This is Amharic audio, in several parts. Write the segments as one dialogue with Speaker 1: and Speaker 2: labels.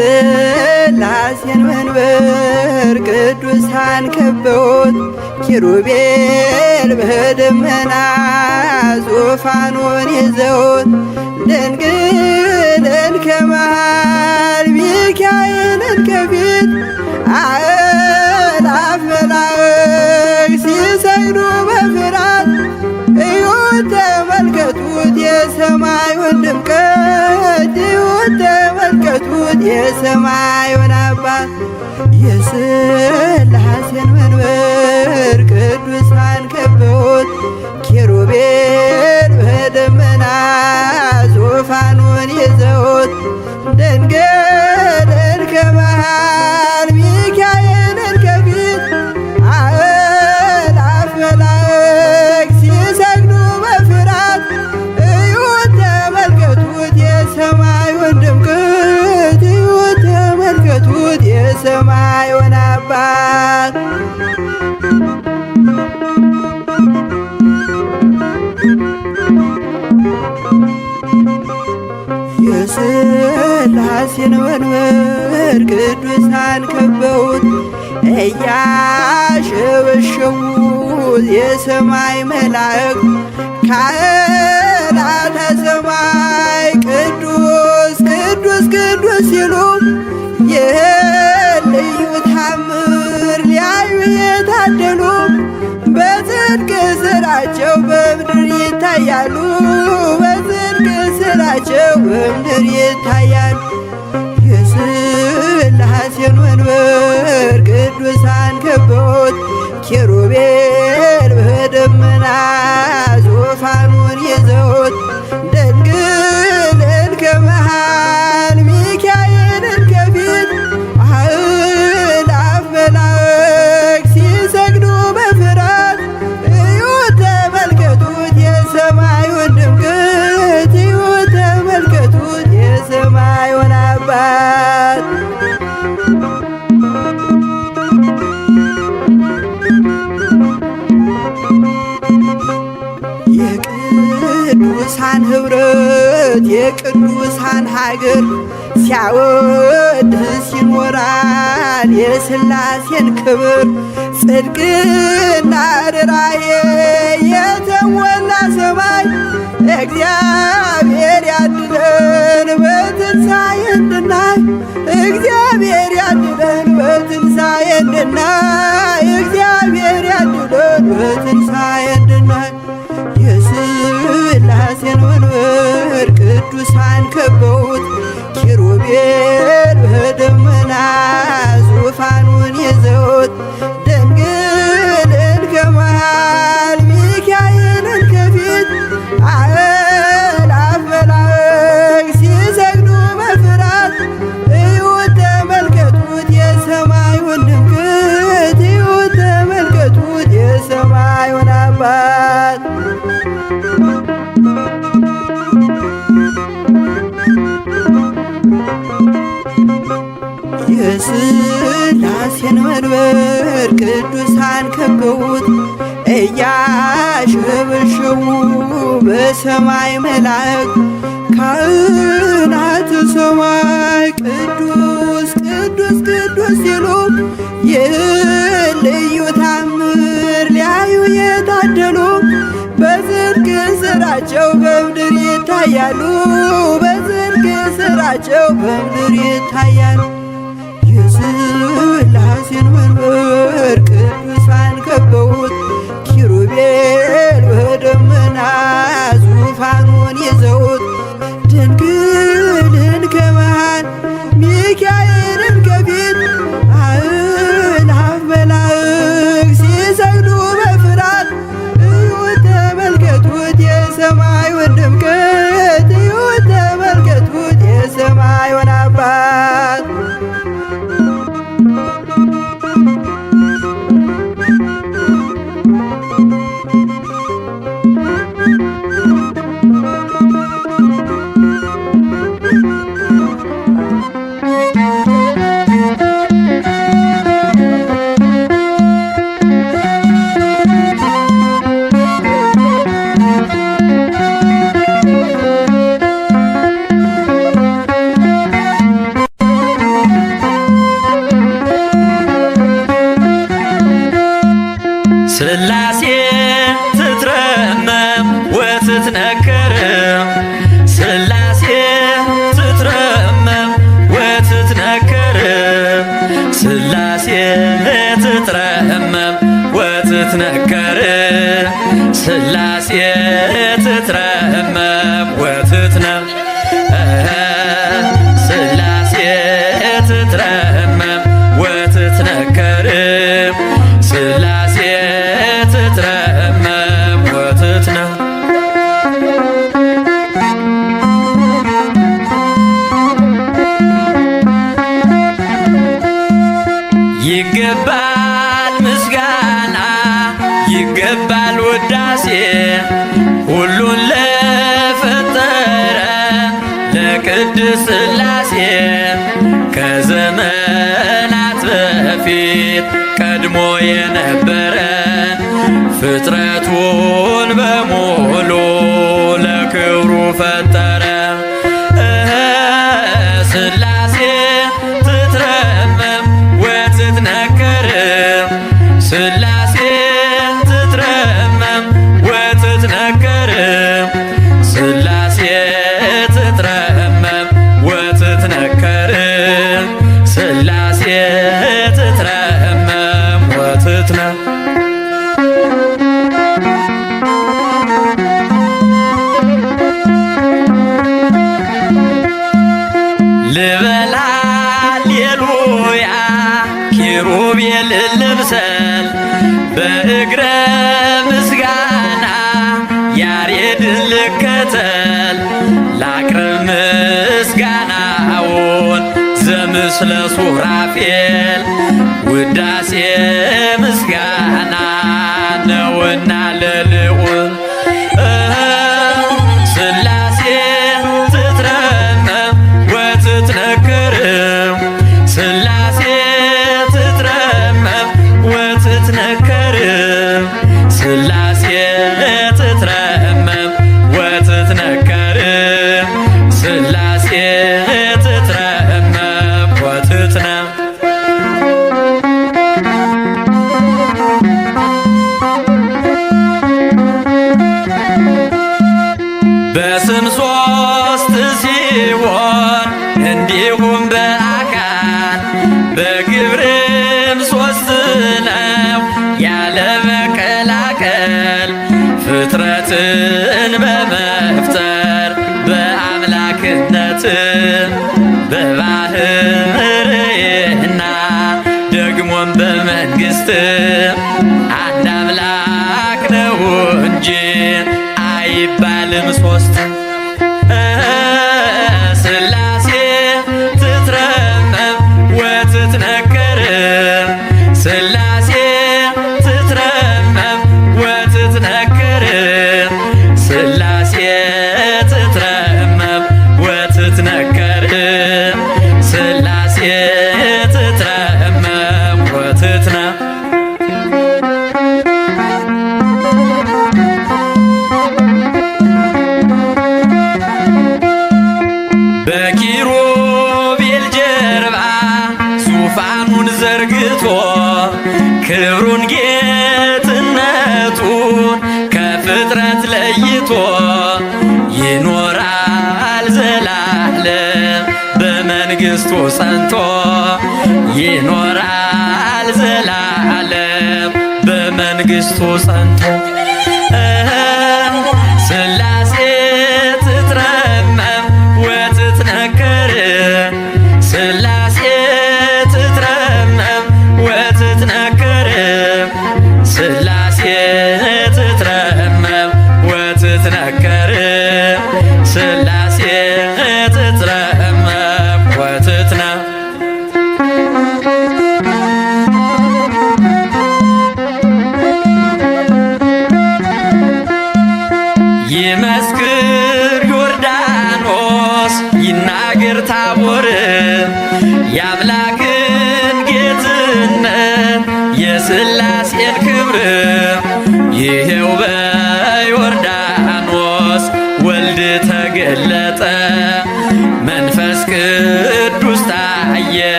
Speaker 1: የሥላሴን መንበር ቅዱሳን ከበውት ኪሩቤል በደመና ዙፋኑን ይዘውት ድንግልን ከመሃል ሚካኤልን ከፊት አእላፍ መላእክት ሲሰግዱ በፍራት እዩ ተመልከቱት የሰማዩን ድምቀት የሚመለከቱት የሰማይ ወናባት የስላሴን መንበር ቅዱሳን ከበውት ኪሩቤል በደመና ዙፋኑን ይዘውት ደንገል እርከ ይገባል። የሥላሴን መንበር ቅዱሳን ከበውት እያሸበሸቡት የሰማይ መላእክት ካህናተ ሰማይ ቅዱስ ቅዱስ ቅዱስ ሲሉ በላዩ የታደሉ በጽድቅ ስራቸው በምድር ይታያሉ። በጽድቅ ስራቸው በምድር ይታያል። የሥላሴን መንበር ቅዱሳን ከበውት ኪሩቤል በደመና ክብር ጽድቅና ርራዬ የተሞላ ሰማይ እግዚአብሔር ያድል ክብር ቅዱሳን ከበውት እያሸበሸቡ በሰማይ መላእክት ካህናተ ሰማይ ቅዱስ ቅዱስ ቅዱስ ሲሉ የልዩ ታምር ሊያዩ የታደሉ በዝርግ ስራቸው በምድር ይታያሉ በዝርግ ስራቸው በምድር ይታያሉ። ስላሴን መንበር ቅዱሳን ከበውት ኪሩቤል በደመና ዙፋኑን ይዘውት ድንግልን ከመሃል ሚካኤልን ከፊት አእላፍ በላይ
Speaker 2: ተዘከረ ስላሴ ትትረመም ወትትነከረ ስላሴ ትትረመም ወትትነከረ ስላሴ ስላሴ ከዘመናት በፊት ቀድሞ የነበረ ፍጥረቱን በሙሉ ለክብሩ ፈጠረ። ኪሩቤል ለብሰን በእግረ ምስጋና ያሬድን ልከተል ላቅርብ ምስጋናውን ዘምስለ ሱራፌል ውዳሴ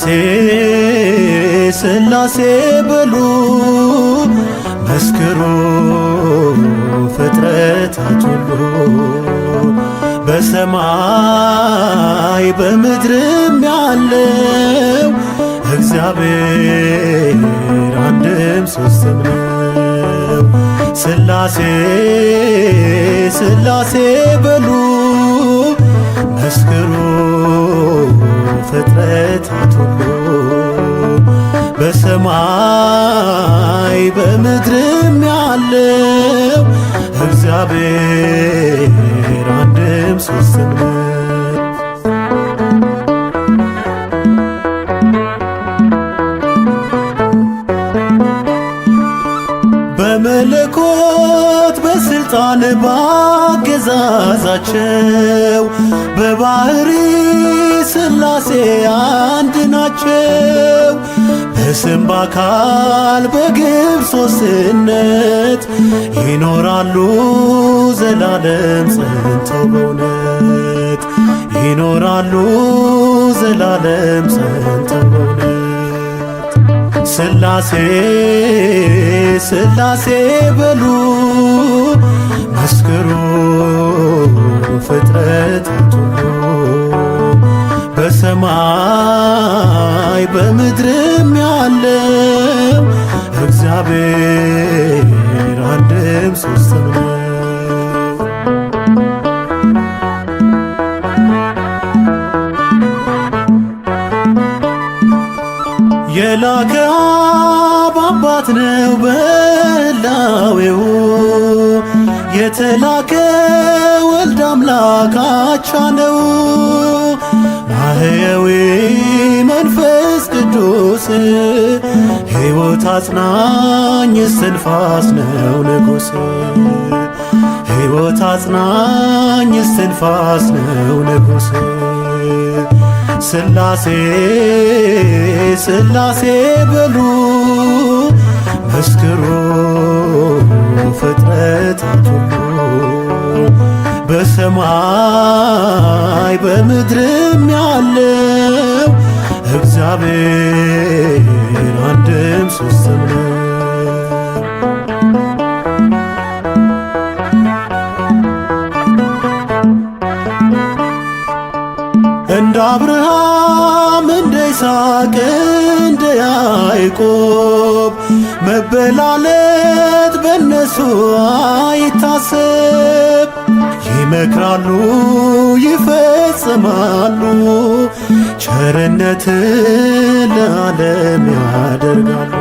Speaker 2: ስላሴ ስላሴ በሉ መስክሩ ፍጥረታት ሁሉ በሰማይ በምድርም ያለው እግዚአብሔር አንድም ሶስትም ነው። ስላሴ ስላሴ በሉ መስክሩ ፍጥረት በሰማይ በምድርም ያለው እግዚአብሔር አንድም ሶስትም በመለኮት በስልጣን ባገዛዛቸው በባህሪ ሥላሴ አንድ ናቸው። በስም በአካል በግብር ይኖራሉ ዘላለም ጸንተው በእውነት ይኖራሉ ዘላለም ጸንተው በእውነት ሥላሴ ሥላሴ በሉ ራስ ነው ንጉሥ ሕይወት አጽናኝ እስትንፋስ ነው ንጉሥ በሉ መስክሩ ፍጥረታት በሰማይ በምድርም ያለው እግዚአብሔር አንድም ነው። እንደ አብርሃም እንደ ይስሐቅ እንደ ያዕቆብ መበላለት በእነሱ አይታሰብ። ይመክራሉ ይፈጽማሉ፣ ቸርነት ለዓለም ያደርጋሉ፣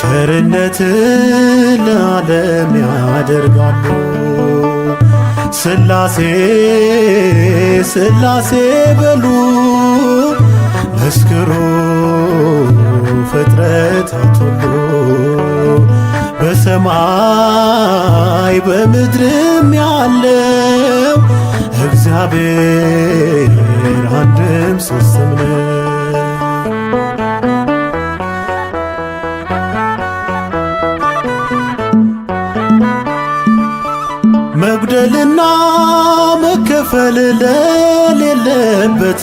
Speaker 2: ቸርነት ለዓለም ያደርጋሉ። ስላሴ ስላሴ በሉ መስክሩ ፍጥረታት ሁሉ በሰማይ በምድርም ያለው እግዚአብሔር አንድም ሦስትም ነው። መጉደልና መከፈል ለሌለበት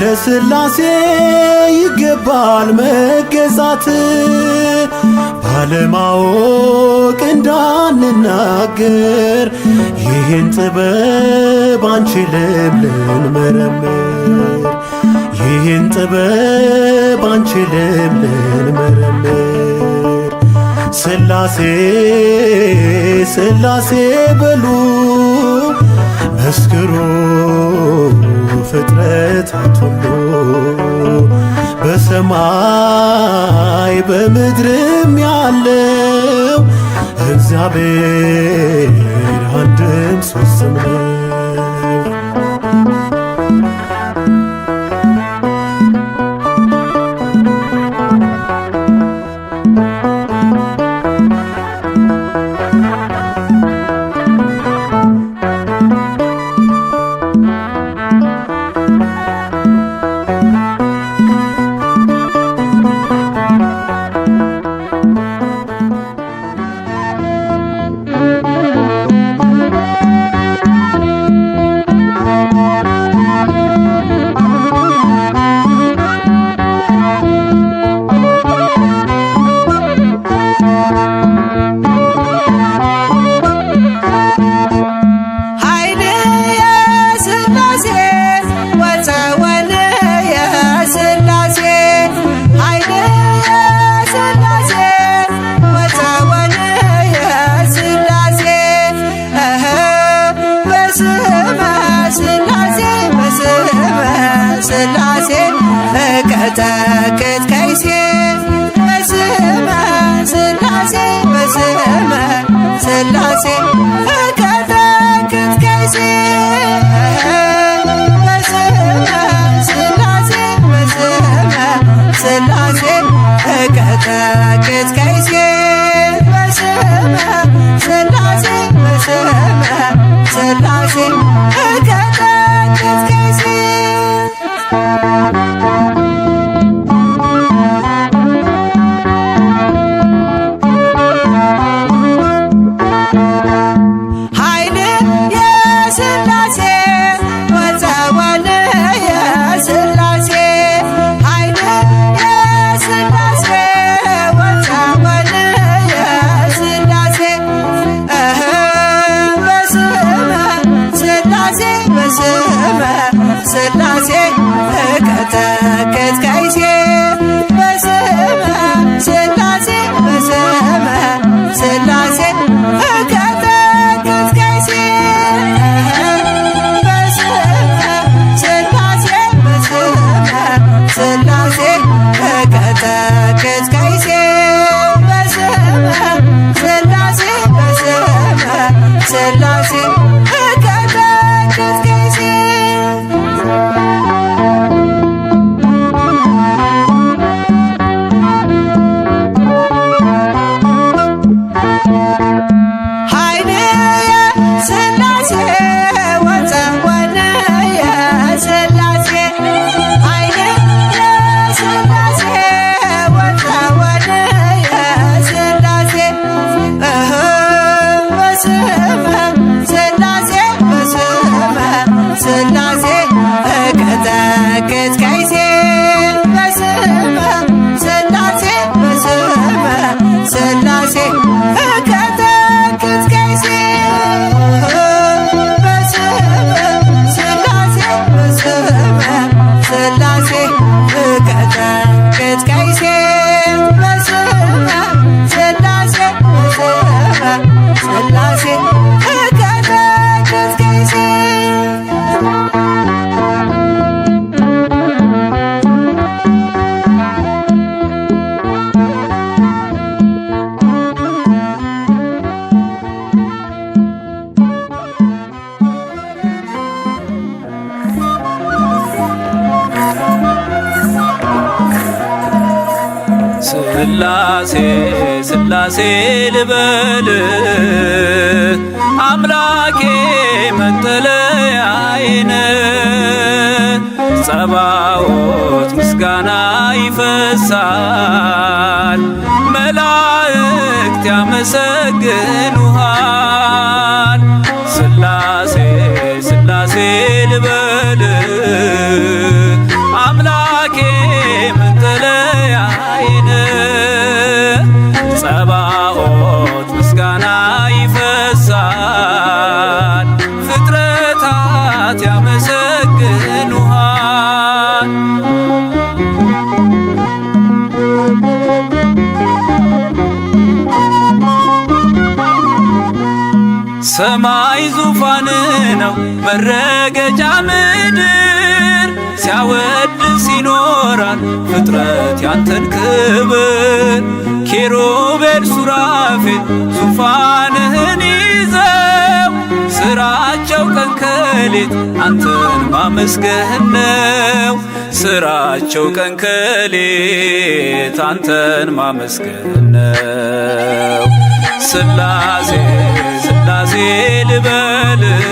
Speaker 2: ለስላሴ ይገባል መገዛት። ባለማወቅ እንዳንናገር ይህን ጥበብ አንችልም ልንመረምር ይህን ጥበብ አንችልም ልንመረምር ስላሴ ስላሴ በሉ መስክሩ ፍጥረታት ሁሉ በሰማይ በምድርም ያለው እግዚአብሔር አንድም ሦስትም ነው። ሲመሰገን ያበስራል ፍጥረት ያንተን ክብር ኪሩቤል ሱራፌል ዙፋንህን ይዘው ስራቸው ቀን ከሌት አንተን ማመስገን ነው። ስራቸው ቀን ከሌት አንተን ማመስገን ነው። ስላሴ ስላሴ ልበልህ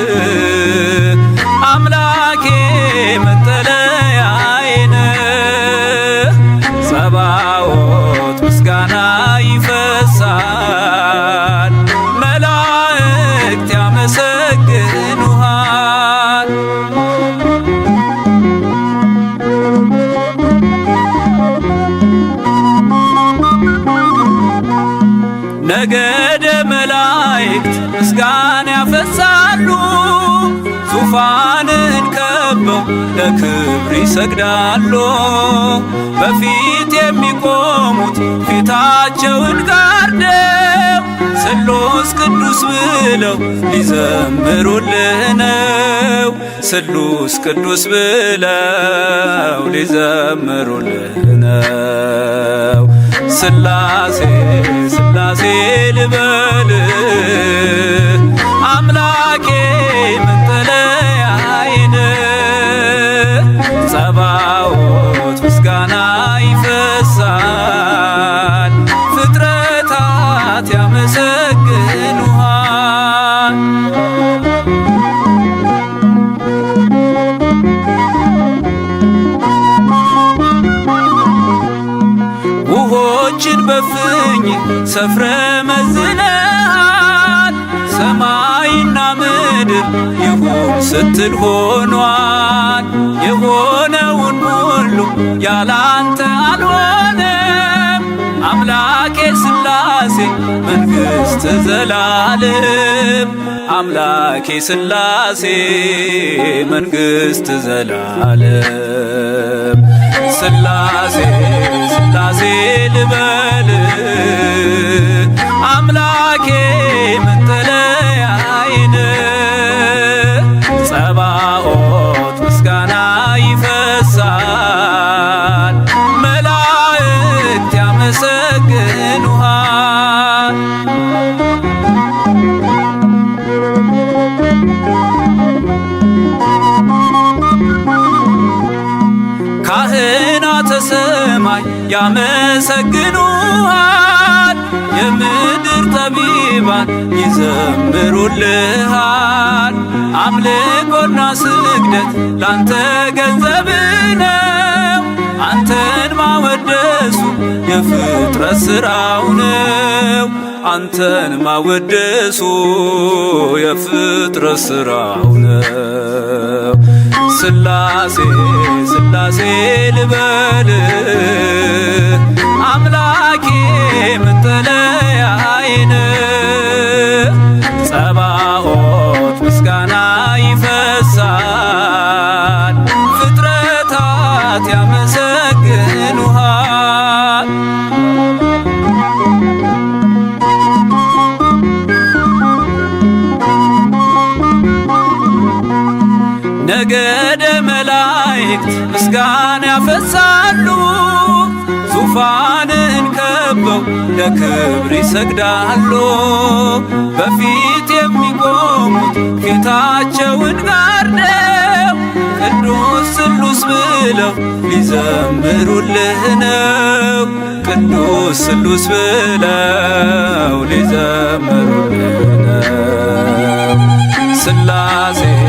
Speaker 2: ለክብር ይሰግዳሉ። በፊት የሚቆሙት ፊታቸውን ጋርደው ስሉስ ቅዱስ ብለው ሊዘምሩልህ ነው። ስሉስ ቅዱስ ብለው ሊዘምሩልህ ነው። ስላሴ ስላሴ ልበል በፍኝ ሰፍረ መዝነሃል ሰማይና ምድር ይሁን ስትል ሆኗል። የሆነውን ሁሉ ያላንተ አልሆነም አምላኬ ስላሴ መንግሥት ዘላለም አምላኬ ስላሴ መንግሥት ዘላለም ስላሴ ስላሴ ልበል አምላኬ ያመሰግኑሃል፣ የምድር ጠቢባን ይዘምሩልሃል። አምልኮና ስግደት ላንተ ገንዘብ ነው፣ አንተን ማወደሱ የፍጥረት ሥራው ነው። አንተን ማወደሱ የፍጥረት ሥራው ነው። ስላሴ ስላሴ ልበል አምላክ ይሰግዳሉ በፊት የሚቆሙት ፊታቸውን ነው! ቅዱስ ስሉስ ብለው ሊዘምሩልህ ነው። ቅዱስ ስሉስ ብለው ሊዘምሩልህ ነው። ስላሴ